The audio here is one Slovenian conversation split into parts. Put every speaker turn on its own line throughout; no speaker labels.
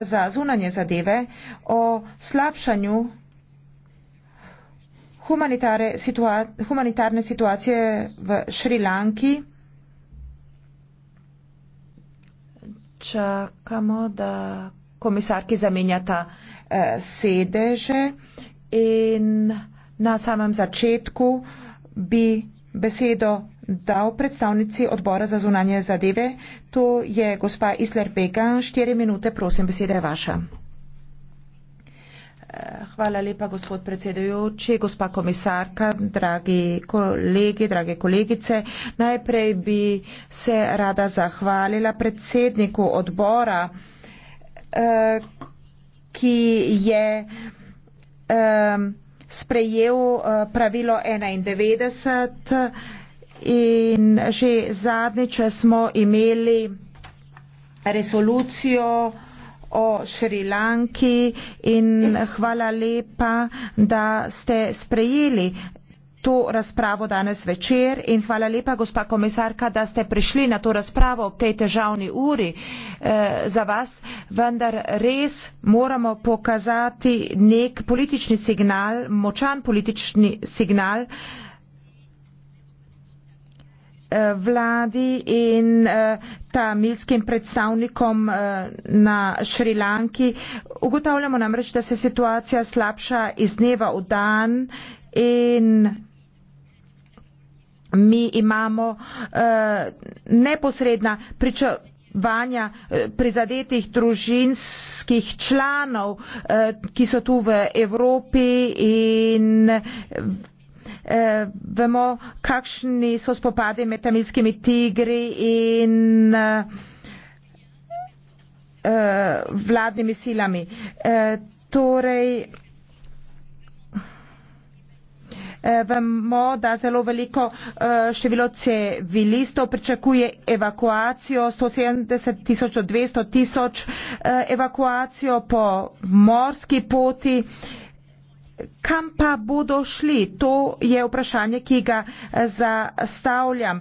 za zunanje zadeve o slabšanju humanitarne, situa humanitarne situacije v Šrilanki. Čakamo, da komisarki zamenjata eh, sedeže in na samem začetku bi besedo dal predstavnici odbora za zunanje zadeve. To je gospa Isler Pega. Štiri minute, prosim, beseda je vaša. Eh, hvala lepa, gospod predsedujoči, gospa komisarka, dragi kolegi, drage kolegice. Najprej bi se rada zahvalila predsedniku odbora, eh, ki je eh, sprejel pravilo 91 In že zadnjič smo imeli resolucijo o Šrilanki in hvala lepa, da ste sprejeli to razpravo danes večer in hvala lepa, gospa komisarka, da ste prišli na to razpravo ob tej težavni uri e, za vas, vendar res moramo pokazati nek politični signal, močan politični signal, Eh, vladi in eh, tamilskim predstavnikom eh, na Šrilanki. Ugotavljamo namreč, da se situacija slabša iz dneva v dan in mi imamo neposredna pričevanja prizadetih družinskih članov, ki so tu v Evropi in eh, vemo, kakšni so spopadi med tamilskimi tigri in eh, eh vladnimi silami. Eh, torej, eh, Vemo, da zelo veliko eh, število civilistov pričakuje evakuacijo, 170 tisoč do 200 tisoč evakuacijo po morski poti. Kam pa bodo šli? To je vprašanje, ki ga eh, zastavljam.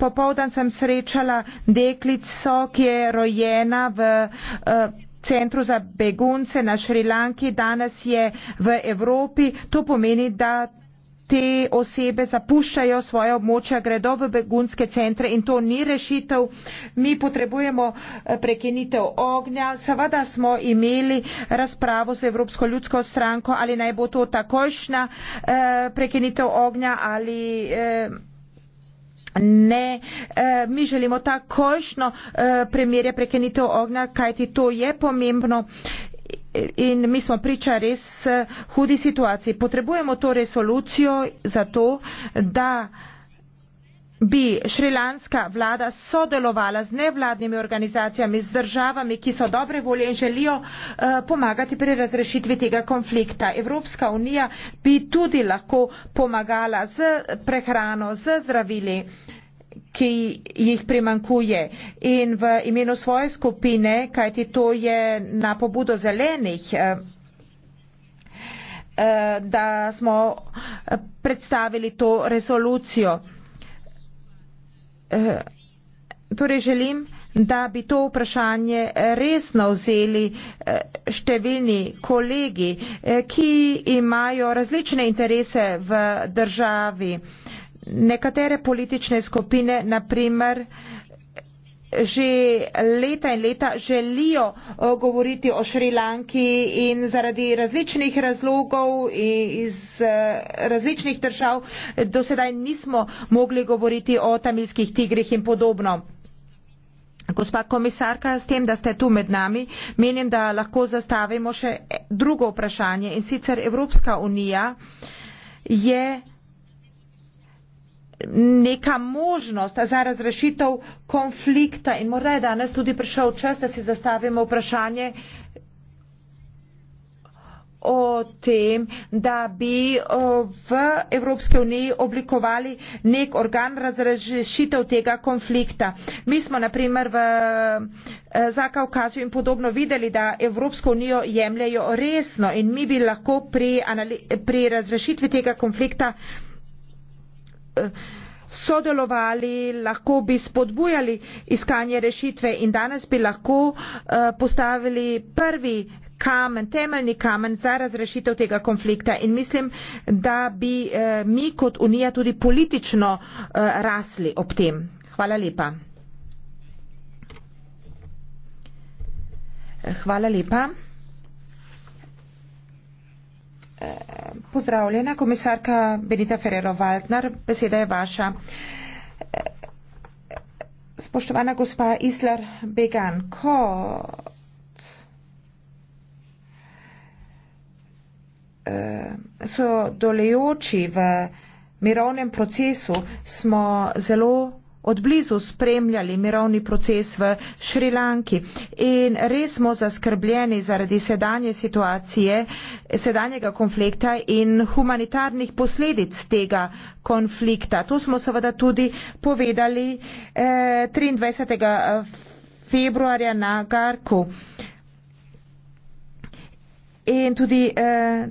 Popovdan sem srečala deklico, ki je rojena v eh, centru za begunce na Šrilanki, danes je v Evropi. To pomeni, da te osebe zapuščajo svoje območja, gredo v begunske centre in to ni rešitev. Mi potrebujemo eh, prekinitev ognja. Seveda smo imeli razpravo z Evropsko ljudsko stranko, ali naj bo to takojšnja eh, prekinitev ognja ali. Eh, ne, mi želimo takošno premirje prekenitev ognja, kajti to je pomembno in mi smo priča res eh, hudi situaciji. Potrebujemo to resolucijo zato, da bi šrilanska vlada sodelovala z nevladnimi organizacijami, z državami, ki so dobre volje in želijo uh, pomagati pri razrešitvi tega konflikta. Evropska unija bi tudi lahko pomagala z prehrano, z zdravili. Uh, ki jih primankuje. In v imenu svoje skupine, kajti to je na pobudo zelenih, eh, eh, da smo eh, predstavili to rezolucijo. Torej želim, da bi to vprašanje resno vzeli številni kolegi, ki imajo različne interese v državi nekatere politične skupine, na primer, že leta in leta želijo govoriti o Šrilanki in zaradi različnih razlogov iz e, različnih držav do sedaj nismo mogli govoriti o tamilskih tigrih in podobno. Gospa komisarka, s tem, da ste tu med nami, menim, da lahko zastavimo še drugo vprašanje in sicer Evropska unija je neka možnost za razrešitev konflikta in morda je danes tudi prišel čas, da si zastavimo vprašanje o tem, da bi v Evropske uniji oblikovali nek organ razrešitev tega konflikta. Mi smo naprimer v eh, Zakaukazu in podobno videli, da Evropsko unijo jemljajo resno in mi bi lahko pri, pri razrešitvi tega konflikta sodelovali, lahko bi spodbujali iskanje rešitve in danes bi lahko eh, postavili prvi kamen, temeljni kamen za razrešitev tega konflikta in mislim, da bi eh, mi kot Unija tudi politično eh, rasli ob tem. Hvala lepa. Hvala lepa. Pozdravljena, komisarka Benita Ferrero-Waldner, beseda je vaša. Spoštovana gospa Isler Began, kot so dolejoči v mirovnem procesu, smo zelo od blizu spremljali mirovni proces v Šrilanki in res smo zaskrbljeni zaradi sedanje situacije, sedanjega konflikta in humanitarnih posledic tega konflikta. To smo seveda tudi povedali eh, 23. Eh, februarja na Garku. In tudi eh,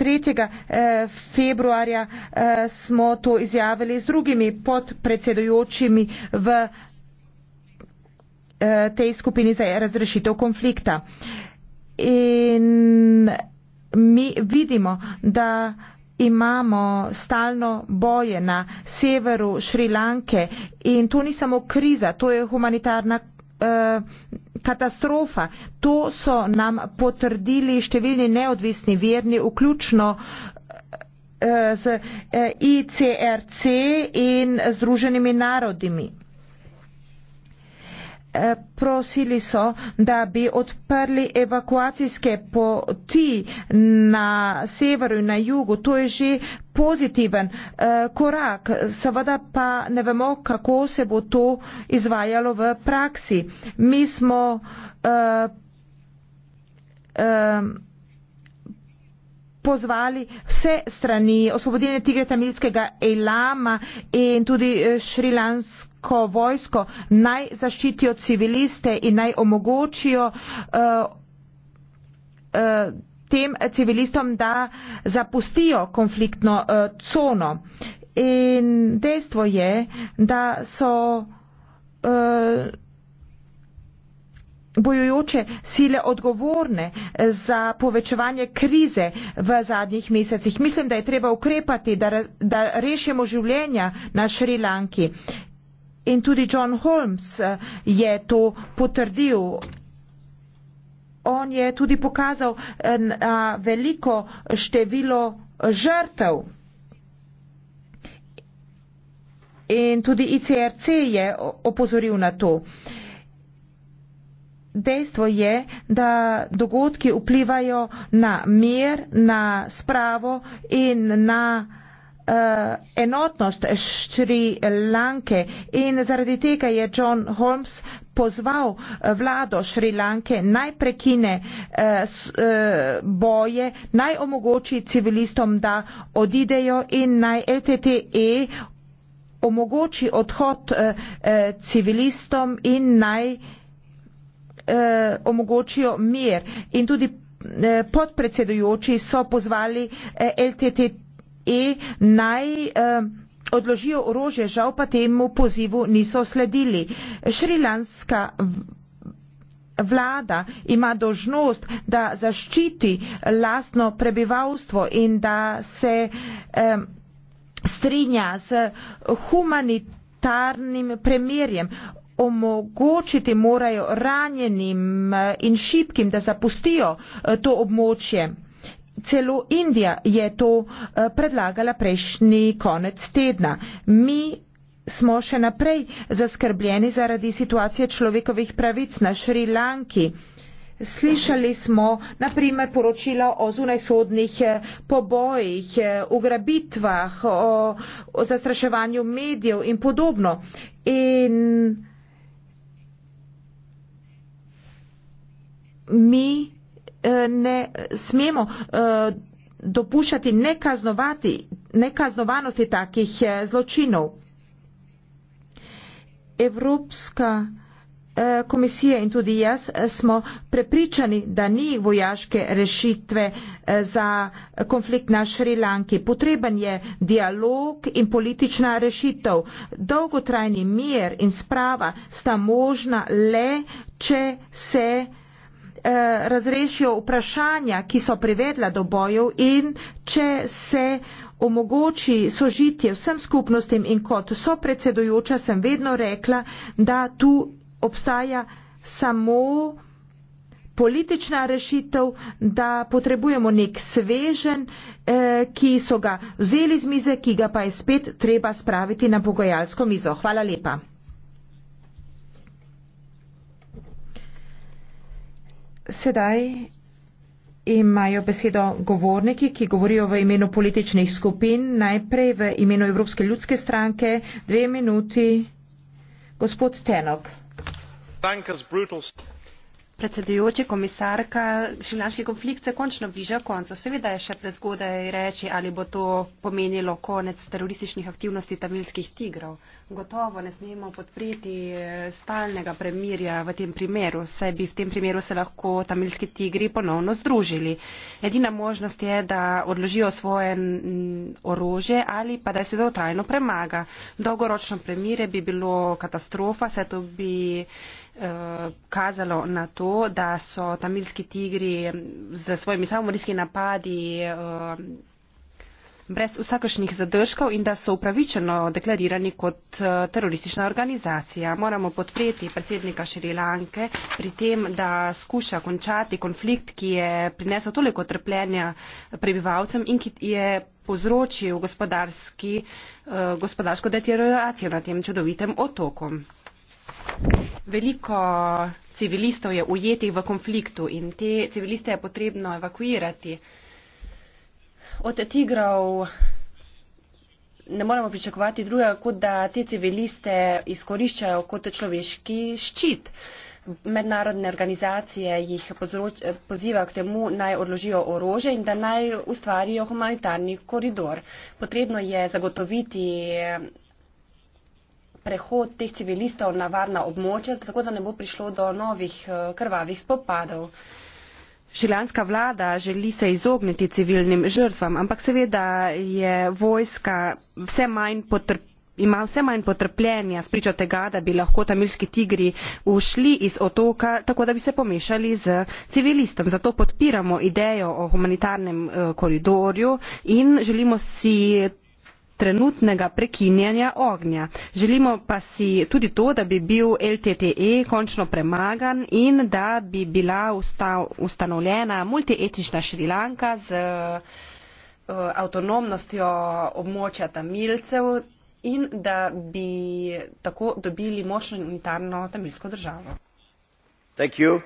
3. Eh, februarja eh, smo to izjavili z drugimi podpredsedujočimi v eh, tej skupini za razrešitev konflikta. In mi vidimo, da imamo stalno boje na severu Šrilanke in to ni samo kriza, to je humanitarna Eh, katastrofa. To so nam potrdili številni neodvisni verni, vključno eh, z eh, ICRC in Združenimi narodimi. Eh, prosili so, da bi odprli evakuacijske poti na severu in na jugu. To je že pozitiven eh, korak. Seveda pa ne vemo, kako se bo to izvajalo v praksi. Mi smo. Uh, uh, pozvali vse strani osvobodilne tigre tamilskega Elama in tudi eh, šrilansko vojsko naj zaščitijo civiliste in naj omogočijo eh, eh, tem civilistom, da zapustijo konfliktno cono. In dejstvo je, da so bojujoče sile odgovorne eh, za povečevanje krize v zadnjih mesecih. Mislim, da je treba ukrepati, da, da rešimo življenja na Šrilanki. In tudi John Holmes eh, je to potrdil. On je tudi pokazal eh, veliko število žrtev. In tudi ICRC je opozoril na to. Dejstvo je, da dogodki vplivajo na mir, na spravo in na eh, enotnost Šrilanke in zaradi tega je John Holmes pozval eh, vlado Šrilanke naj prekine eh, boje, naj omogoči civilistom, da odidejo in naj LTTE omogoči odhod civilistom in naj eh, omogočijo mir in tudi eh, podpredsedujoči so pozvali eh, LTTE naj eh, odložijo orožje, žal pa temu pozivu niso sledili. Šrilanska vlada ima dožnost, da zaščiti lastno prebivalstvo in da se eh, strinja z humanitarnim premirjem omogočiti morajo ranjenim eh, in šipkim, da zapustijo eh, to območje. Celo Indija je to eh, predlagala prejšnji konec tedna. Mi smo še naprej zaskrbljeni zaradi situacije človekovih pravic na Šrilanki. Slišali smo naprimer poročila o zunajsodnih pobojih, ugrabitvah, o, o zastraševanju medijev in podobno. In mi eh, ne smemo eh, dopuščati nekaznovati, nekaznovanosti takih eh, zločinov. Evropska komisija in tudi jaz smo prepričani, da ni vojaške rešitve za konflikt na Šrilanki. Potreben je dialog in politična rešitev. Dolgotrajni mir in sprava sta možna le, če se Eh, razrešijo vprašanja, ki so privedla do bojev in če se omogoči sožitje vsem skupnostim in kot so predsedujoča, sem vedno rekla, da tu obstaja samo politična rešitev, da potrebujemo nek svežen, eh, ki so ga vzeli z mize, ki ga pa je spet treba spraviti na pogojalsko mizo. Hvala lepa. Sedaj imajo besedo govorniki, ki govorijo v imenu političnih skupin, najprej v imenu Evropske ljudske stranke. Dve minuti. Gospod Tenok.
Predsedujoči komisarka, življanski konflikt se končno bliža koncu. Seveda je še prezgodaj reči, ali bo to pomenilo konec terorističnih aktivnosti tamilskih tigrov. Gotovo ne smemo podpreti eh, stalnega premirja v tem primeru. Vse bi v tem primeru se lahko tamilski tigri ponovno združili. Edina možnost je, da odložijo svoje orože ali pa da se to trajno premaga. Dolgoročno premire bi bilo katastrofa, se to bi Eh, kazalo na to, da so tamilski tigri z svojimi samomorskimi napadi eh, brez vsakošnjih zadržkov in da so upravičeno deklarirani kot eh, teroristična organizacija. Moramo podpreti predsednika Šrilanke pri tem, da skuša končati konflikt, ki je prinesel toliko trpljenja prebivalcem in ki je povzročil gospodarsko deterioracijo na tem čudovitem otoku. Veliko civilistov je ujetih v konfliktu in te civiliste je potrebno evakuirati. Od tigrov ne moremo pričakovati drugega, kot da te civiliste izkoriščajo kot človeški ščit. Mednarodne organizacije jih pozivajo k temu, naj odložijo orože in da naj ustvarijo humanitarni koridor. Potrebno je zagotoviti prehod teh civilistov na varna območja, tako da ne bo prišlo do novih eh, krvavih spopadov. Šilanska vlada želi se izogniti civilnim žrtvam, ampak seveda je vojska vse manj potrpela. Ima vse manj potrpljenja s pričo tega, da bi lahko tamilski tigri ušli iz otoka, tako da bi se pomešali z civilistom. Zato podpiramo idejo o humanitarnem eh, koridorju in želimo si trenutnega prekinjanja ognja želimo pa si tudi to da bi bil ltte končno premagan in da bi bila ustanovljena multietnična šrilanka z eh, avtonomnostjo območja tamilcev in da bi tako dobili močno unitarno tamilsko državo. Thank you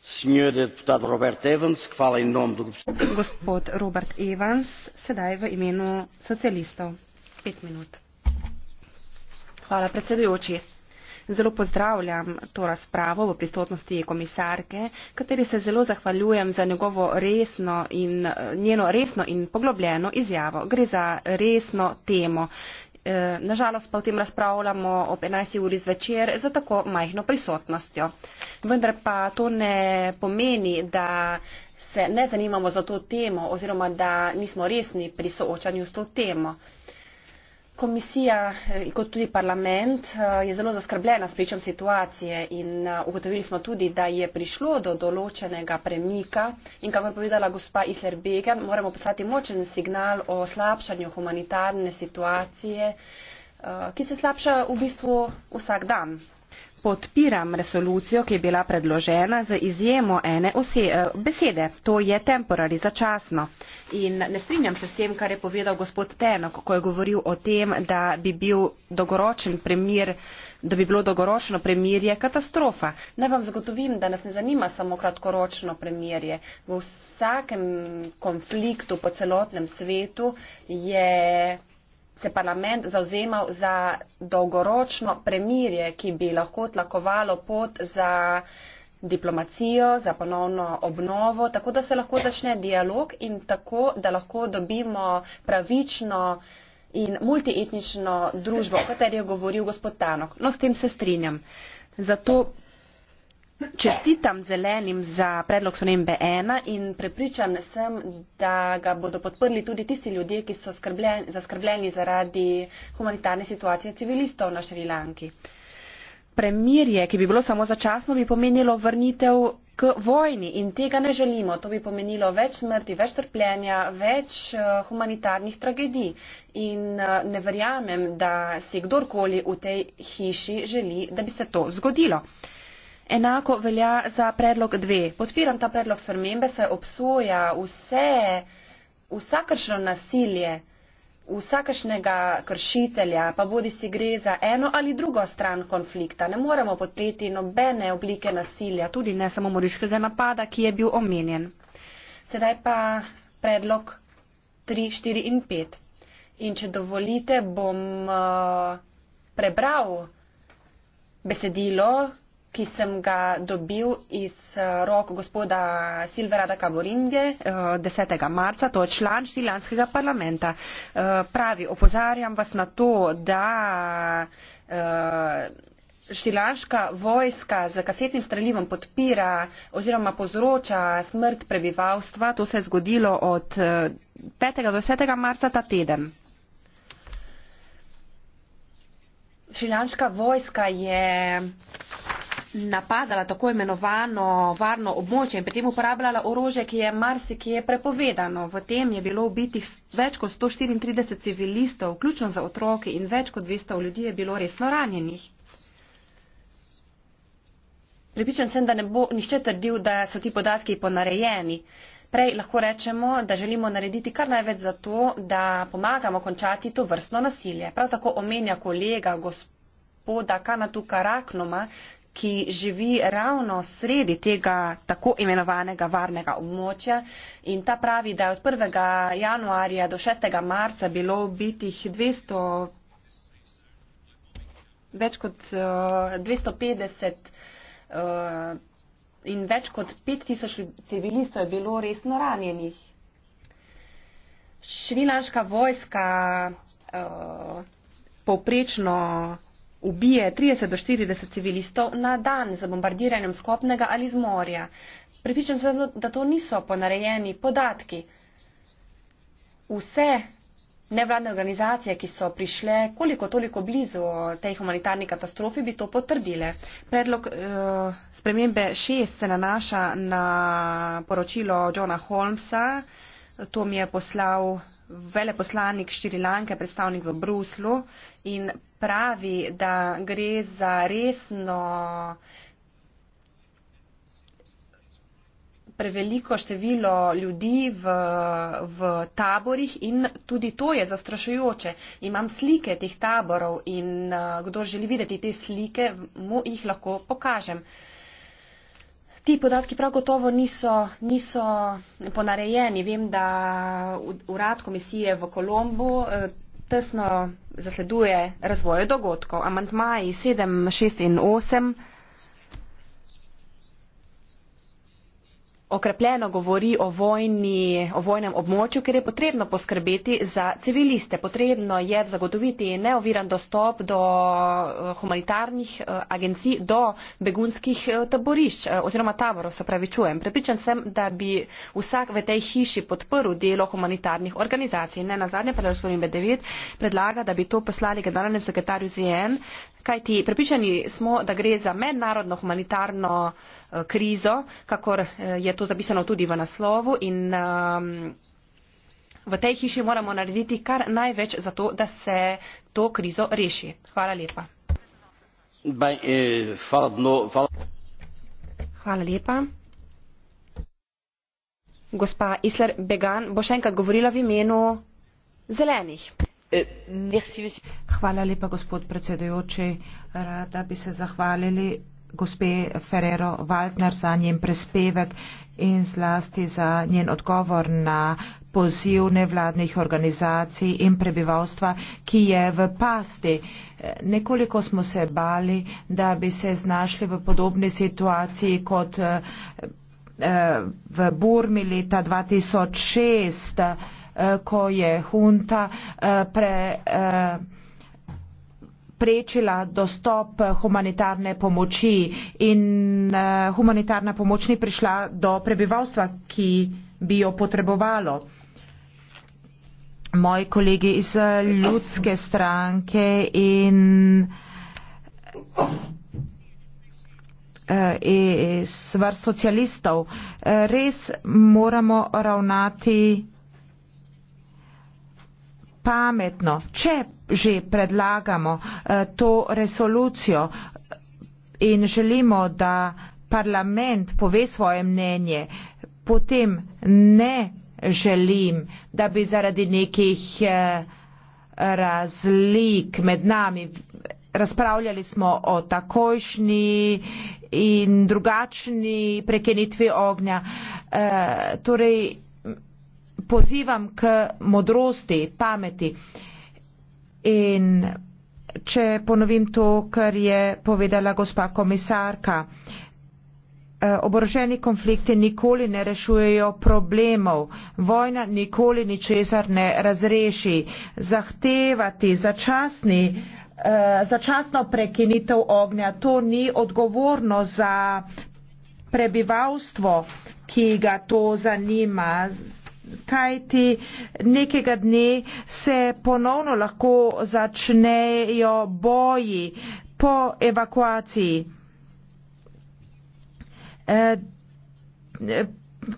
gospod robert evans sedaj v imenu socialistov in nekaj minut gospod gospod robert evans sedaj v imenu socialistov pet minut hvala predsedujoči zelo pozdravljam to razpravo v prisotnosti komisarke kateri se zelo zahvaljujem za njegovo resno in njeno resno in poglobljeno izjavo gre za resno temo Eh, Nažalost pa o tem razpravljamo ob 11. uri zvečer za tako majhno prisotnostjo. Vendar pa to ne pomeni, da se ne zanimamo za to temo oziroma da nismo resni pri soočanju s to temo komisija eh, kot tudi parlament eh, je zelo zaskrbljena s pričem situacije in eh, ugotovili smo tudi da je prišlo do določenega premika in kakor je povedala gospa isler begen moramo poslati močen signal o slabšanju humanitarne situacije ki se slabša v bistvu vsak dan podpiram resolucijo, ki je bila predložena z izjemo ene ose, eh, besede, to je temporari začasno. In ne strinjam se s tem, kar je povedal gospod Tenok, ko je govoril o tem, da bi bil dogoročen premir, da bi bilo dogoročno premirje katastrofa. Naj vam zagotovim, da nas ne zanima samo kratkoročno premirje. V vsakem konfliktu po celotnem svetu je se parlament zauzemal za dolgoročno premirje, ki bi lahko tlakovalo pot za diplomacijo, za ponovno obnovo, tako da se lahko začne dialog in tako, da lahko dobimo pravično in multietnično družbo, o kateri je govoril gospod Tanok. No, s tem se strinjam. Zato Čestitam zelenim za predlog sonembe ena in prepričan sem, da ga bodo podprli tudi tisti ljudje, ki so skrbljeni, zaskrbljeni zaradi humanitarne situacije civilistov na Šrilanki. Premirje, ki bi bilo samo začasno, bi pomenilo vrnitev k vojni in tega ne želimo. To bi pomenilo več smrti, več trpljenja, več eh, humanitarnih tragedij in eh, ne verjamem, da si kdorkoli v tej hiši želi, da bi se to zgodilo enako velja za predlog dve podpiram ta predlog spremembe saj obsoja vse vsakršno nasilje vsakršnega kršitelja pa bodi si gre za eno ali drugo stran konflikta ne moremo podpreti nobene oblike nasilja tudi ne samo moriškega napada ki je bil omenjen sedaj pa predlog tri štiri in pet in če dovolite bom uh, prebral besedilo ki sem ga dobil iz eh, rok gospoda Silvera da Kaboringe 10. Eh, marca, to je član šrilanskega parlamenta. Eh, pravi, opozarjam vas na to, da šrilanska vojska z kasetnim streljivom podpira oziroma povzroča smrt prebivalstva. To se je zgodilo od 5. do 10. marca ta teden. Šrilanska vojska je napadala tako imenovano varno območje in pri tem uporabljala orože, ki je marsikje prepovedano. V tem je bilo ubitih več kot 134 civilistov, vključno za otroke in več kot 200 ljudi je bilo resno ranjenih. Pripričan sem, da ne bo nišče trdil, da so ti podatki ponarejeni. Prej lahko rečemo, da želimo narediti kar največ za to, da pomagamo končati to vrstno nasilje. Prav tako omenja kolega gospoda Kanatuka Raknoma, ki živi ravno sredi tega tako imenovanega varnega območja. In ta pravi, da je od 1. januarja do 6. marca bilo ubitih 200, več kot 250 eh, eh, in več kot 5000 civilistov je bilo resno ranjenih. Šrilanška vojska eh, povprečno ubije 30 do 40 civilistov na dan z bombardiranjem skopnega ali z morja. Pripričam se, da to niso ponarejeni podatki. Vse nevladne organizacije, ki so prišle koliko toliko blizu tej humanitarni katastrofi, bi to potrdile. Predlog uh, spremembe 6 se nanaša na poročilo Johna Holmesa. To mi je poslal veleposlanik Štirilanke, predstavnik v Bruslu in pravi, da gre za resno preveliko število ljudi v, v taborih in tudi to je zastrašujoče. Imam slike teh taborov in eh, kdo želi videti te slike, mu jih lahko pokažem. Ti podatki prav gotovo niso, niso ponarejeni. Vem, da urad komisije v Kolombo eh, tesno zasleduje razvoju dogodkov. okrepljeno govori o, vojni, o vojnem območju, kjer je potrebno poskrbeti za civiliste. Potrebno je zagotoviti neoviran dostop do eh, humanitarnih eh, agencij, do begunskih eh, taborišč oziroma taborov, se pravi čujem. Prepričan sem, da bi vsak v tej hiši podprl delo humanitarnih organizacij. Ne na zadnje, predlagam, da bi to poslali generalnemu sekretarju ZN, kajti prepričani smo, da gre za mednarodno humanitarno eh, krizo, kakor eh, je to zapisano tudi v naslovu in um, v tej hiši moramo narediti kar največ za to, da se to krizo reši. Hvala lepa. Eh, hvala lepa. Gospa Isler Began bo še enkrat govorila v imenu zelenih.
Eh, Hvala lepa, gospod predsedujoči. Rada bi se zahvalili gospe Ferrero Waldner za njen prespevek in zlasti za njen odgovor na poziv nevladnih organizacij in prebivalstva, ki je v pasti. Nekoliko smo se bali, da bi se znašli v podobni situaciji kot eh, eh, v Burmi leta 2006 ko je hunta eh, pre, eh, prečila dostop humanitarne pomoči in eh, humanitarna pomoč ni prišla do prebivalstva, ki bi jo potrebovalo. Moji kolegi iz ljudske stranke in iz vrst socialistov res moramo ravnati pametno, če že predlagamo eh, to resolucijo in želimo, da parlament pove svoje mnenje, potem ne želim, da bi zaradi nekih eh, razlik med nami. Razpravljali smo o takojšnji in drugačni prekenitvi ognja. E, torej, pozivam k modrosti, pameti. In če ponovim to, kar je povedala gospa komisarka, eh, oboroženi konflikti nikoli ne rešujejo problemov, vojna nikoli ničesar ne razreši. Zahtevati začasni, eh, začasno prekinitev ognja, to ni odgovorno za prebivalstvo, ki ga to zanima kajti nekega dne se ponovno lahko začnejo boji po evakuaciji. Eh,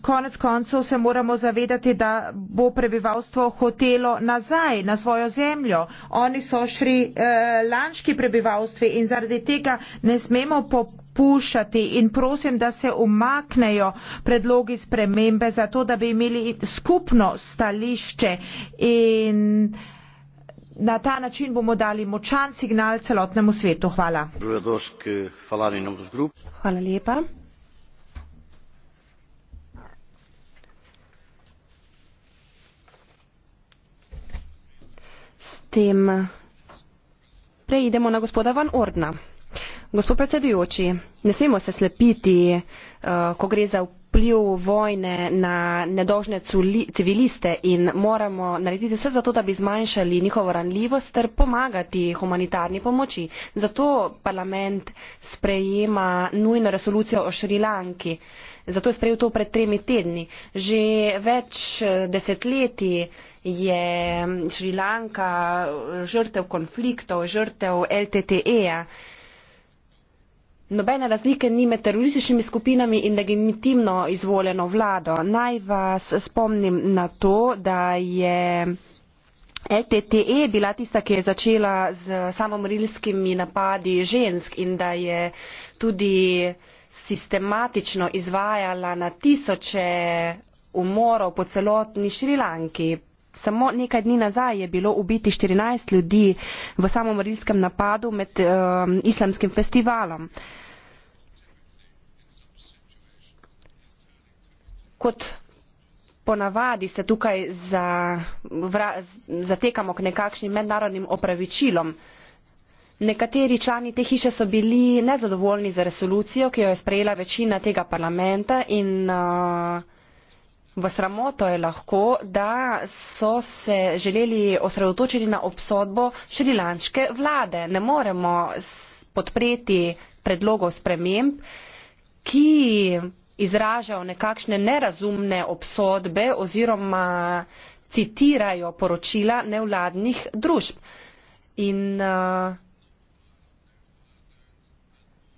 konec koncev se moramo zavedati, da bo prebivalstvo hotelo nazaj na svojo zemljo. Oni so šri eh, lanški prebivalstvi in zaradi tega ne smemo popolniti puščati in prosim, da se umaknejo predlogi spremembe za to, da bi imeli skupno stališče in na ta način bomo dali močan signal celotnemu svetu. Hvala. Hvala lepa.
S tem preidemo na gospoda Van Ordna gospod predsedujoči, ne smemo se slepiti, eh, ko gre za vpliv vojne na nedožne civiliste in moramo narediti vse zato, da bi zmanjšali njihovo ranljivost ter pomagati humanitarni pomoči. Zato parlament sprejema nujno resolucijo o Šrilanki. Zato je sprejel to pred tremi tedni. Že več eh, desetletji je mm, Šrilanka eh, žrtev konfliktov, žrtev LTTE-ja nobene razlike ni med terorističnimi skupinami in legitimno izvoljeno vlado. Naj vas spomnim na to, da je LTTE bila tista, ki je začela z samomorilskimi napadi žensk in da je tudi sistematično izvajala na tisoče umorov po celotni Šrilanki samo nekaj dni nazaj je bilo ubiti 14 ljudi v samomorilskem napadu med um, islamskim festivalom. Kot ponavadi se tukaj za, vra, zatekamo k nekakšnim mednarodnim opravičilom. Nekateri člani te hiše so bili nezadovoljni za resolucijo, ki jo je sprejela večina tega parlamenta in uh, V sramoto je lahko, da so se želeli osredotočiti na obsodbo šrilanške vlade. Ne moremo podpreti predlogov sprememb, ki izražajo nekakšne nerazumne obsodbe oziroma citirajo poročila nevladnih družb. In uh,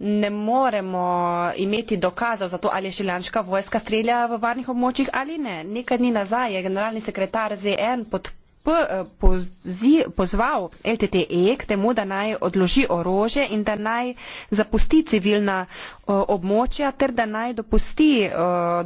ne moremo imeti dokazov za to, ali je šrilanška vojska strelja v varnih območjih ali ne. Nekaj dni nazaj je generalni sekretar ZN podprl. Eh, pozval LTTE k temu, da naj odloži orože in da naj zapusti civilna eh, območja ter da naj dopusti eh,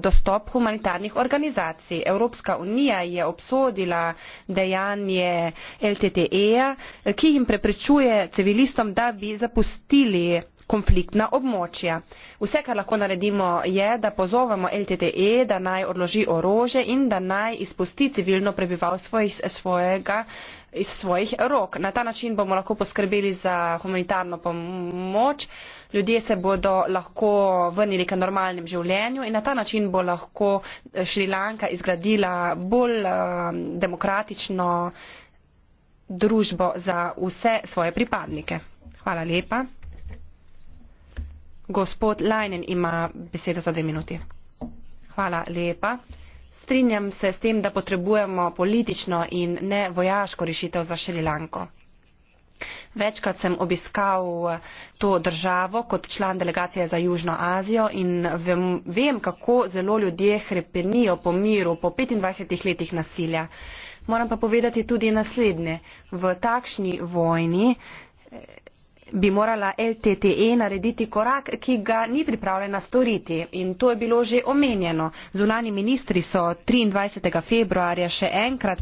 dostop humanitarnih organizacij. Evropska unija je obsodila dejanje LTTE, ki jim preprečuje civilistom, da bi zapustili konfliktna območja. Vse, kar lahko naredimo, je, da pozovemo LTTE, da naj odloži orože in da naj izpusti civilno prebivalstvo iz svojega iz svojih rok. Na ta način bomo lahko poskrbeli za humanitarno pomoč, ljudje se bodo lahko vrnili k normalnem življenju in na ta način bo lahko Šrilanka izgradila bolj eh, demokratično družbo za vse svoje pripadnike. Hvala lepa strinjam se s tem da potrebujemo politično in ne vojaško rešitev za šrilanko. Večkrat sem obiskal to državo kot član delegacije za Južno Azijo in vem, vem kako zelo ljudje hrepenijo po miru po 25 letih nasilja. Moram pa povedati tudi naslednje. V takšni vojni bi morala ltte narediti korak ki ga ni pripravljena storiti in to je bilo že omenjeno zunani ministri so triindvajset februarja še enkrat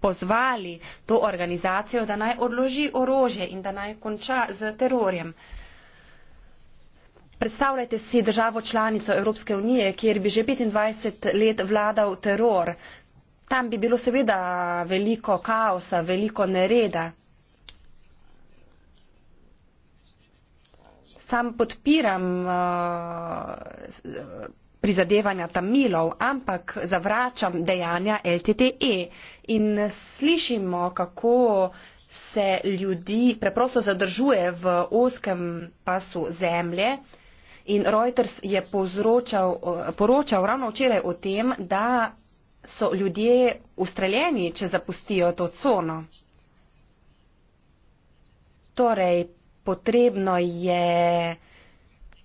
pozvali to organizacijo da naj odloži orožje in da naj konča z terorjem Predstavljajte si državo članico Evropske unije, kjer bi že 25 let vladal teror. Tam bi bilo seveda veliko kaosa, veliko nereda. sam podpiram uh, prizadevanja Tamilov, ampak zavračam dejanja LTTE. In slišimo, kako se ljudi preprosto zadržuje v oskem pasu zemlje. In Reuters je uh, poročal ravno včeraj o tem, da so ljudje ustreljeni, če zapustijo to cono. Torej, potrebno je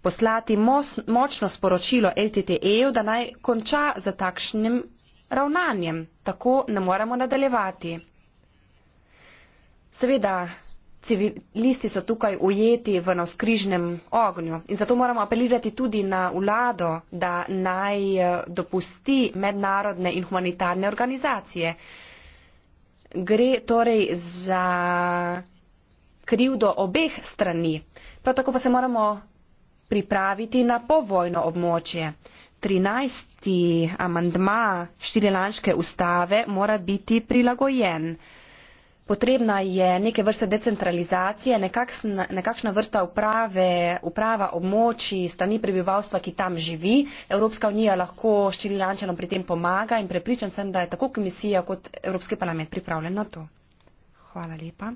poslati močno sporočilo LTTE-ju, da naj konča za takšnim ravnanjem. Tako ne moremo nadaljevati. Seveda, civilisti so tukaj ujeti v navskrižnem ognju in zato moramo apelirati tudi na vlado, da naj eh, dopusti mednarodne in humanitarne organizacije. Gre torej za krivdo obeh strani. Prav tako pa se moramo pripraviti na povojno območje. 13. amandma štirilanške ustave mora biti prilagojen. Potrebna je neke vrste decentralizacije, nekakšna, nekakšna vrsta uprave, uprava območij, strani prebivalstva, ki tam živi. Evropska unija lahko štirilančanom pri tem pomaga in prepričan sem, da je tako komisija kot Evropski parlament pripravljen na to. Hvala lepa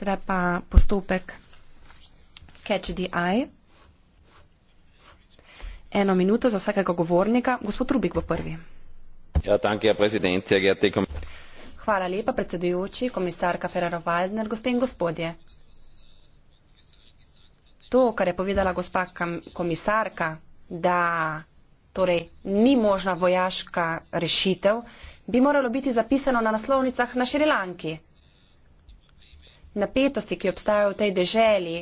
sedaj pa postopek Catch the Eye. Eno minuto za vsakega govornika. Gospod Rubik bo prvi.
Ja, thank you, president.
Hvala lepa, predsedujoči, komisarka Ferrero Waldner, gospe in gospodje. To, kar je povedala gospa komisarka, da torej ni možna vojaška rešitev, bi moralo biti zapisano na naslovnicah na Šrilanki napetosti, ki obstajajo v tej deželi,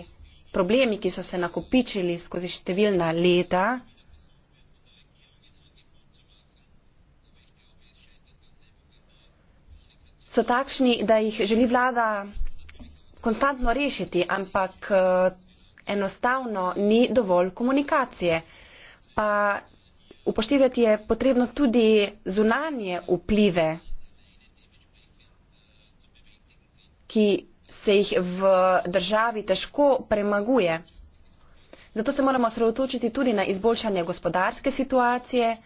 problemi, ki so se nakopičili skozi številna leta. So takšni, da jih želi vlada konstantno rešiti, ampak eh, enostavno ni dovolj komunikacije. Pa upoštevati je potrebno tudi zunanje vplive, ki se jih v državi težko premaguje. Zato se moramo sredotočiti tudi na izboljšanje gospodarske situacije,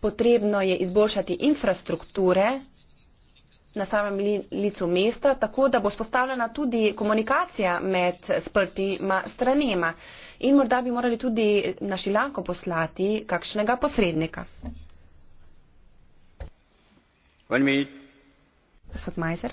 potrebno je izboljšati infrastrukture na samem licu mesta, tako da bo spostavljena tudi komunikacija med sprtima stranema in morda bi morali tudi na Šilanko poslati kakšnega posrednika. Gospod Majzer.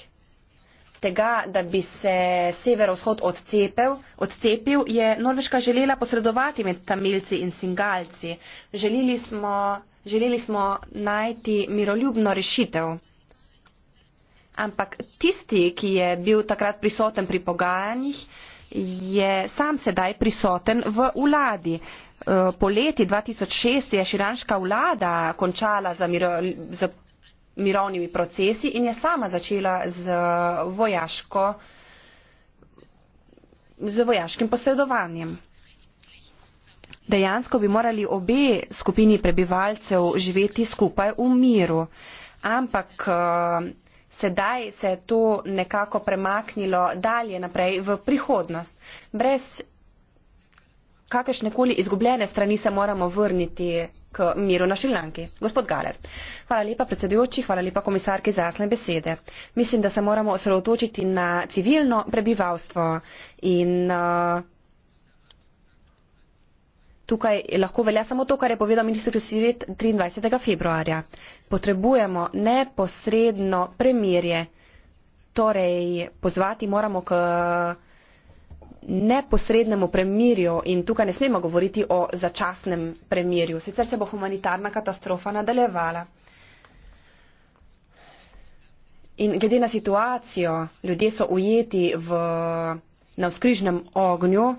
tega, da bi se severovzhod odcepil, odcepil, je Norveška želela posredovati med tamilci in singalci. Želeli smo, želeli smo najti miroljubno rešitev. Ampak tisti, ki je bil takrat prisoten pri pogajanjih, je sam sedaj prisoten v vladi. Po leti 2006 je širanska vlada končala za, miro, za mirovnimi procesi in je sama začela z, vojaško, z vojaškim posredovanjem. Dejansko bi morali obe skupini prebivalcev živeti skupaj v miru, ampak uh, sedaj se je to nekako premaknilo dalje naprej v prihodnost. Brez kakršnekoli izgubljene strani se moramo vrniti k miru na Šrilanki. Gospod Galer, hvala lepa predsedujoči, hvala lepa komisarki za jasne besede. Mislim, da se moramo osredotočiti na civilno prebivalstvo in uh, tukaj lahko velja samo to, kar je povedal ministr Sivet 23. februarja. Potrebujemo neposredno premirje, torej pozvati moramo k uh, neposrednemu premirju in tukaj ne smemo govoriti o začasnem premirju, sicer se bo humanitarna katastrofa nadaljevala. In glede na situacijo, ljudje so ujeti v, na vzkrižnem ognju,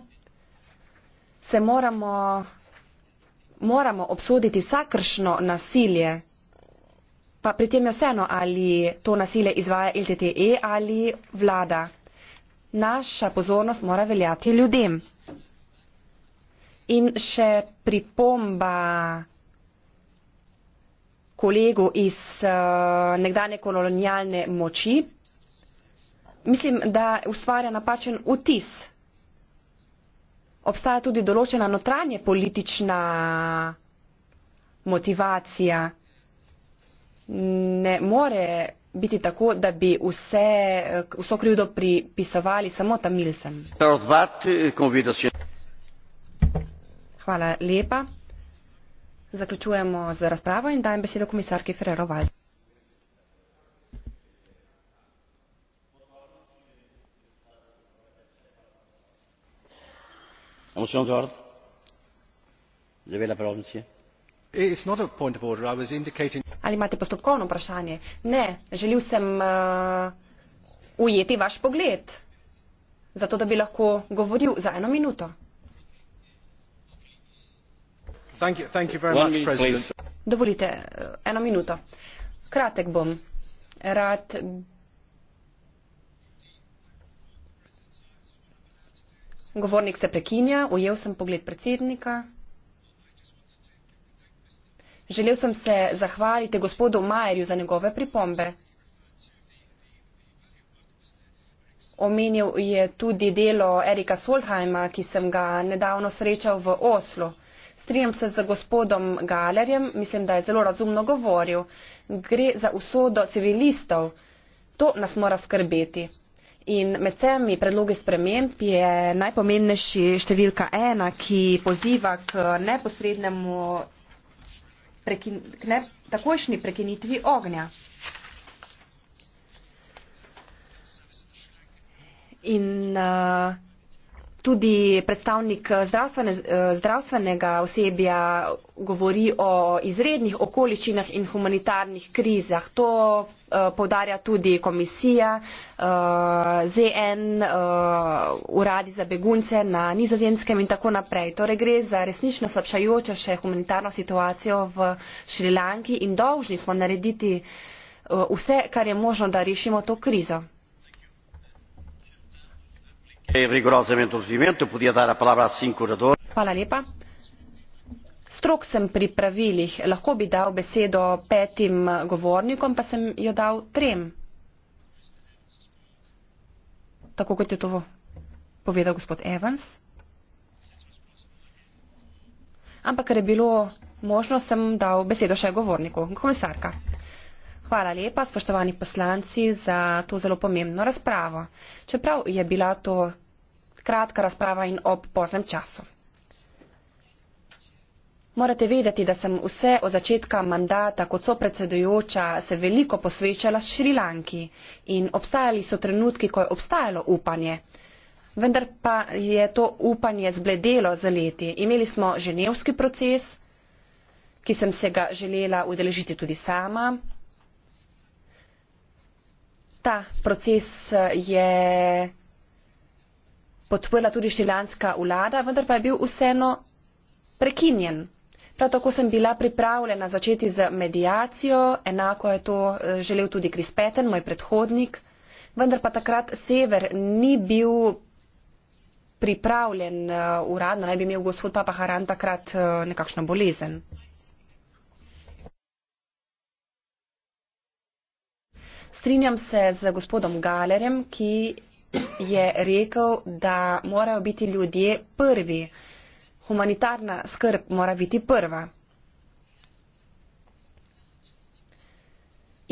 se moramo, moramo obsoditi vsakršno nasilje, pa pri tem je vseeno, ali to nasilje izvaja LTTE ali vlada naša pozornost mora veljati ljudem. In še pripomba kolegu iz uh, eh, nekdane kolonialne moči. Mislim, da ustvarja napačen vtis. Obstaja tudi določena notranje politična motivacija. Ne more biti tako, da bi vse, eh, vso krivdo pripisovali samo tamilcem. Hvala lepa. Zaključujemo z razpravo in dajem besedo komisarki Ferrero Valdi. Monsieur Antoine, vous avez la parole, monsieur ali imate postopkovno vprašanje? Ne, želil sem uh, ujeti vaš pogled, zato da bi lahko govoril za eno minuto. Thank you, thank you very much, please. Dovolite, uh, eno minuto. Kratek bom. Rad govornik se prekinja, ujel sem pogled predsednika. Želel sem se zahvaliti gospodu Majerju za njegove pripombe. Omenil je tudi delo Erika Solheima, ki sem ga nedavno srečal v Oslu. Strijem se z gospodom Galerjem, mislim, da je zelo razumno govoril. Gre za usodo civilistov. To nas mora skrbeti. In med vsemi predlogi sprememb je najpomembnejši številka ena, ki poziva k neposrednemu prekin, ne, takošnji prekinitvi ognja. In uh, tudi predstavnik eh, zdravstvene, eh, zdravstvenega osebja govori o izrednih okoliščinah in humanitarnih krizah. To Eh, poudarja tudi komisija, eh, ZN, eh, uradi za begunce na nizozemskem in tako naprej. Torej gre za resnično slabšajočo še humanitarno situacijo v Šrilanki in dolžni smo narediti vse, kar je možno, da rešimo to krizo. Um Hvala lepa strok sem pri pravilih. Lahko bi dal besedo petim govornikom, pa sem jo dal trem. Tako kot je to povedal gospod Evans. Ampak, ker je bilo možno, sem dal besedo še govorniku, komisarka. Hvala lepa, spoštovani poslanci, za to zelo pomembno razpravo. Čeprav je bila to kratka razprava in ob poznem času. Morate vedeti, da sem vse od začetka mandata kot so predsedujoča se veliko posvečala Šrilanki in obstajali so trenutki, ko je obstajalo upanje. Vendar pa je to upanje zbledelo za leti. Imeli smo ženevski proces, ki sem se ga želela udeležiti tudi sama. Ta proces eh, je podprla tudi šrilanska vlada, vendar pa je bil vseeno prekinjen. Prav tako sem bila pripravljena začeti z medijacijo, enako je to eh, želel tudi Krispeten, moj predhodnik, vendar pa takrat sever ni bil pripravljen eh, uradno, naj bi imel gospod Papa Haran takrat eh, nekakšno bolezen. Strinjam se z gospodom Galerjem, ki je rekel, da morajo biti ljudje prvi humanitarna skrb mora biti prva.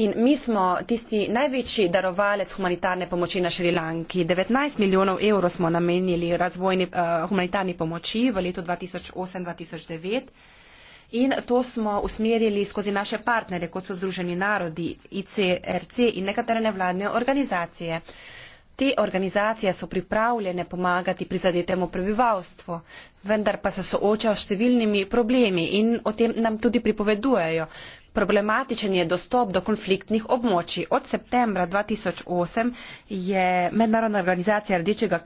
In mi smo tisti največji darovalec humanitarne pomoči na Šrilanki. 19 milijonov evrov smo namenili razvojni uh, humanitarni pomoči v letu 2008-2009 in to smo usmerili skozi naše partnere, kot so Združeni narodi, ICRC in nekatere nevladne organizacije. Uh, te organizacije so pripravljene pomagati prizadetemu prebivalstvu vendar pa se soočajo s številnimi problemi in o tem nam tudi pripovedujejo. problematičen je dostop do konfliktnih območij. od septembra dva tisoč osem je mednarodna organizacija rdečega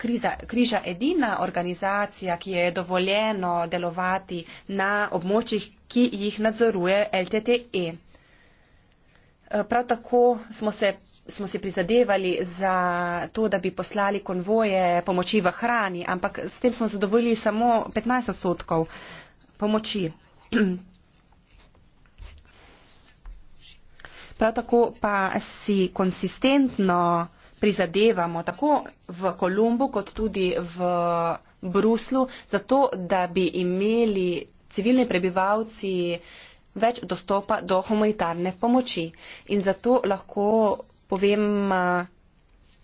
križa edina organizacija ki je dovoljeno delovati na območjih ki jih nadzoruje ltte. prav tako smo se smo si prizadevali za to, da bi poslali konvoje pomoči v hrani, ampak s tem smo zadovoljili samo 15 odstotkov pomoči. Prav tako pa si konsistentno prizadevamo tako v Kolumbu kot tudi v Bruslu, zato da bi imeli civilni prebivalci več dostopa do humanitarne pomoči. In zato lahko povem eh,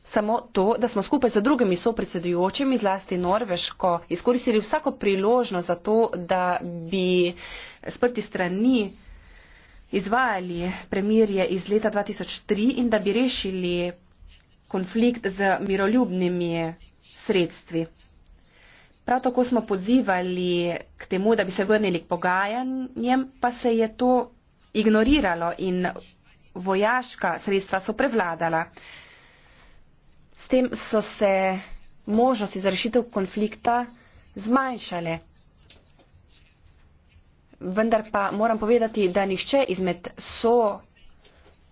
samo to, da smo skupaj z drugimi sopredsedujočimi, zlasti Norveško, izkoristili vsako priložnost za to, da bi sprti strani izvajali premirje iz leta 2003 in da bi rešili konflikt z miroljubnimi sredstvi. Prav tako smo pozivali k temu, da bi se vrnili k pogajanjem, pa se je to ignoriralo in vojaška sredstva so prevladala. S tem so se možnosti za rešitev konflikta zmanjšale. Vendar pa moram povedati, da nihče izmed so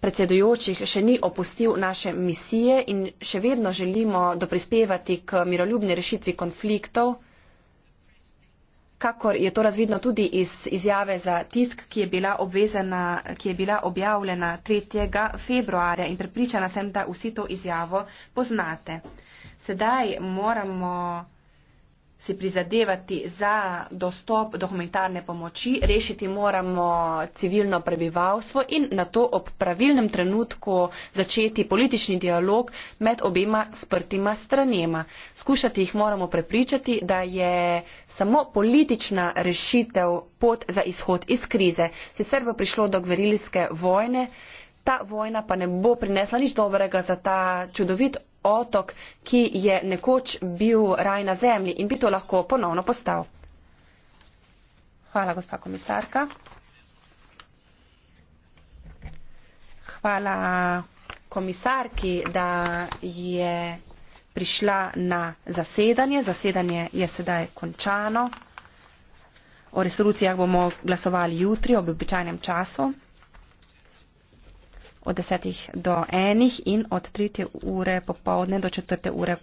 predsedujočih še ni opustil naše misije in še vedno želimo doprispevati k miroljubni rešitvi konfliktov kakor je to razvidno tudi iz izjave za tisk, ki je bila, obvezena, ki je bila objavljena 3. februarja in prepričana sem, da vsi to izjavo poznate. Sedaj moramo si prizadevati za dostop do humanitarne pomoči, rešiti moramo civilno prebivalstvo in na to ob pravilnem trenutku začeti politični dialog med obima sprtima stranjema. Skušati jih moramo prepričati, da je samo politična rešitev pot za izhod iz krize. Sicer bo prišlo do gverilske vojne, ta vojna pa ne bo prinesla nič dobrega za ta čudovit otok, ki je nekoč bil raj na zemlji in bi to lahko ponovno postal. Hvala, gospa komisarka. Hvala komisarki, da je prišla na zasedanje. Zasedanje je sedaj končano. O resolucijah bomo glasovali jutri ob običajnem času od desetih do enih in od tretje ure popovdne do četrte ure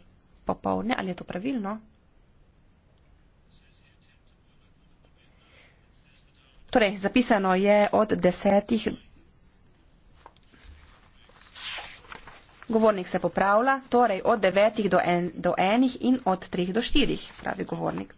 popovdne. Ali je to pravilno? Torej, zapisano je od desetih. Govornik se popravlja, torej od devetih do, en, do enih in od treh do štirih, pravi govornik.